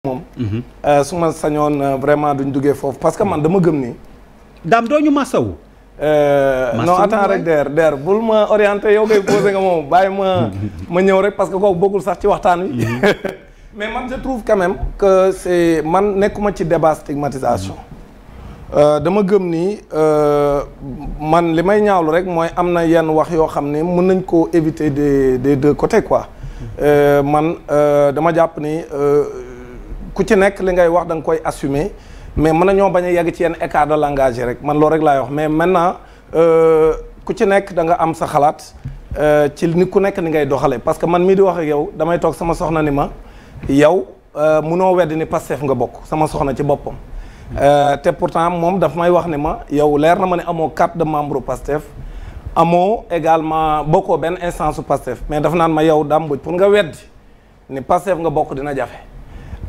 moom mhm. euh, su ma sañoon euh, vraiment duñ duggee foofu parce que man dama gëm ni daam doo ñu masawu euh, non attends rek der der bul ma orienté yow koy posé nga moom bàyyi ma ma ñëw rek parce que kooku bokkul sax ci waxtaan wi mhm. mais man je trouve que man nekkuma ci débat stigmatisation mhm. dama gëm ni man li may ñaawlu rek mooy am na yenn wax yoo xam ne mën nañ koo éviter des des deux côtés quoi man dama jàpp ni ku ci nekk li ngay wax danga koy assumer mais mën nañoo bañ a yegg ci yenn écart de langage yi rek man loolu rek laay wax mais maintenant euh, ku ci nekk da nga am sa xalaat euh, ci ni ku nekk ni ngay doxalee parce que man mii di wax ak yow damay toog sama soxna ni ma yow euh, munoo wedd ni Pastef nga bokk sama soxna ci boppam. te pourtant moom dafa may wax ne ma yow leer na ma ne amoo carte de membre Pastef amoo également bokkoo benn instance su Pastef mais daf naan ma yow Dame pour nga weddi ni Pastef nga bokk dina jafe.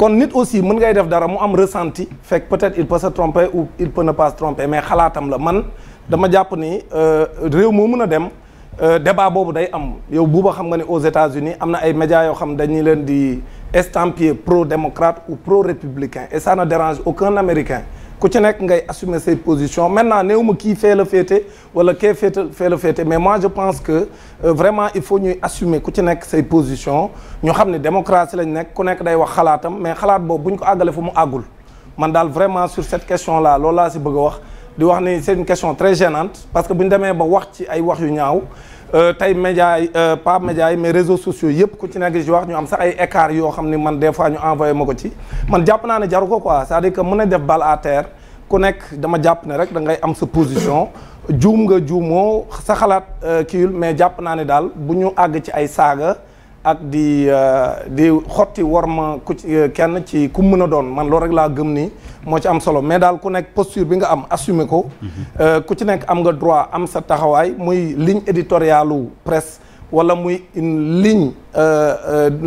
kon nit aussi mën ngay def dara mu am ressenti fekk peut-être il peut se tromper ou il peut ne pas mais xalaatam la man dama jàpp ni euh, réew moo mun a dem euh, débat boobu day am yow buuba xam nga ne aux États-Unis am na ay médias yoo xam dañuy leen di estampiller pro-démocrate ou pro-républicain et ça ne dérange aucun Américain ku ci nekk ngay assumer say position maintenant néew ma kii fee la féete wala kee féete fee la mais moi je pense que euh, vraiment il faut ñuy assumer ku ci nekk say position ñu xam ne démocratie lañ nekk ku nekk day wax xalaatam mais xalaat boobu bu ñu ko àggale fu mu àggul man daal vraiment sur cette question là loolu laa si bëgg a wax di wax ni seen une question très gênante parce que bu ñu demee ba wax ci ay wax yu ñaaw Euh, tey média yi euh, pas média yi mais réseaux sociaux yëpp ku ci nekk di wax ñu am sax ay écart yoo xam ni man des fois ñu envoyé ma ko ci man jàpp naa ne jaru ko quoi cest dire que mën a def balle à terre ku nekk dama jàpp ne rek da ngay am sa position juum nga juumoo sa xalaat euh, kiiwul mais jàpp naa ne daal bu ñu àgg ci ay saaga ak di euh, di xotti worma ku euh, kenn ci ku mën a doon man loolu rek laa gëm ni moo ci am solo mais daal ku nekk posture bi nga am assumer ko. Mhm. Euh, ku ci nekk am nga droit am sa taxawaay muy ligne éditorialu presse. wala muy une ligne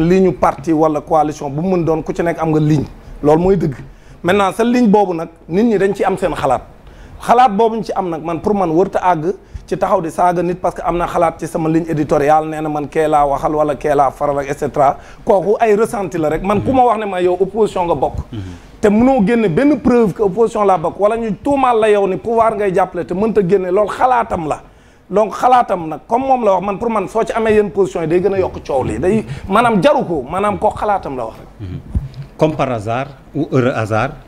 ligne parti wala coalition bu mu mën doon ku ci nekk am nga ligne loolu muy dëgg maintenant sa ligne boobu nag nit ñi dañ ci am seen xalaat. xalaat boobu ñu ci am nag man pour man wërta àgg ci taxaw di saaga nit parce que am na xalaat ci sama ligne éditoriale nee na man kee laa waxal wala kee laa faral ak et cetera kooku ay ressenti la rek man ku ma wax ne ma yow opposition nga bokk. te mënoo génne benn preuve que opposition laa bokk wala ñu tuumaal la yow ni pouvoir ngay jàppale te mënta génne loolu xalaatam la. donc xalaatam nag comme moom la wax man pour man soo ci amee yenn position yi day gën a yokk coow li day maanaam jaru ko maanaam koo xalaatam la wax rek. comme par hasard